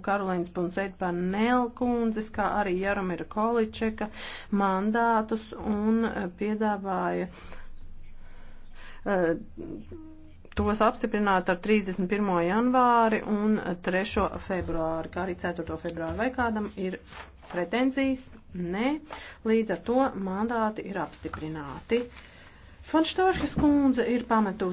un Karolīnas Punseitpār Nelkundzes, kā arī Jaromira Količeka mandātus un eh, piedāvāja eh, tos apstiprināt ar 31. janvāri un 3. februāri, kā arī 4. februāri. Vai kādam ir pretenzijas? Nē. Līdz ar to mandāti ir apstiprināti. Fonštārkas kundze ir pametusi.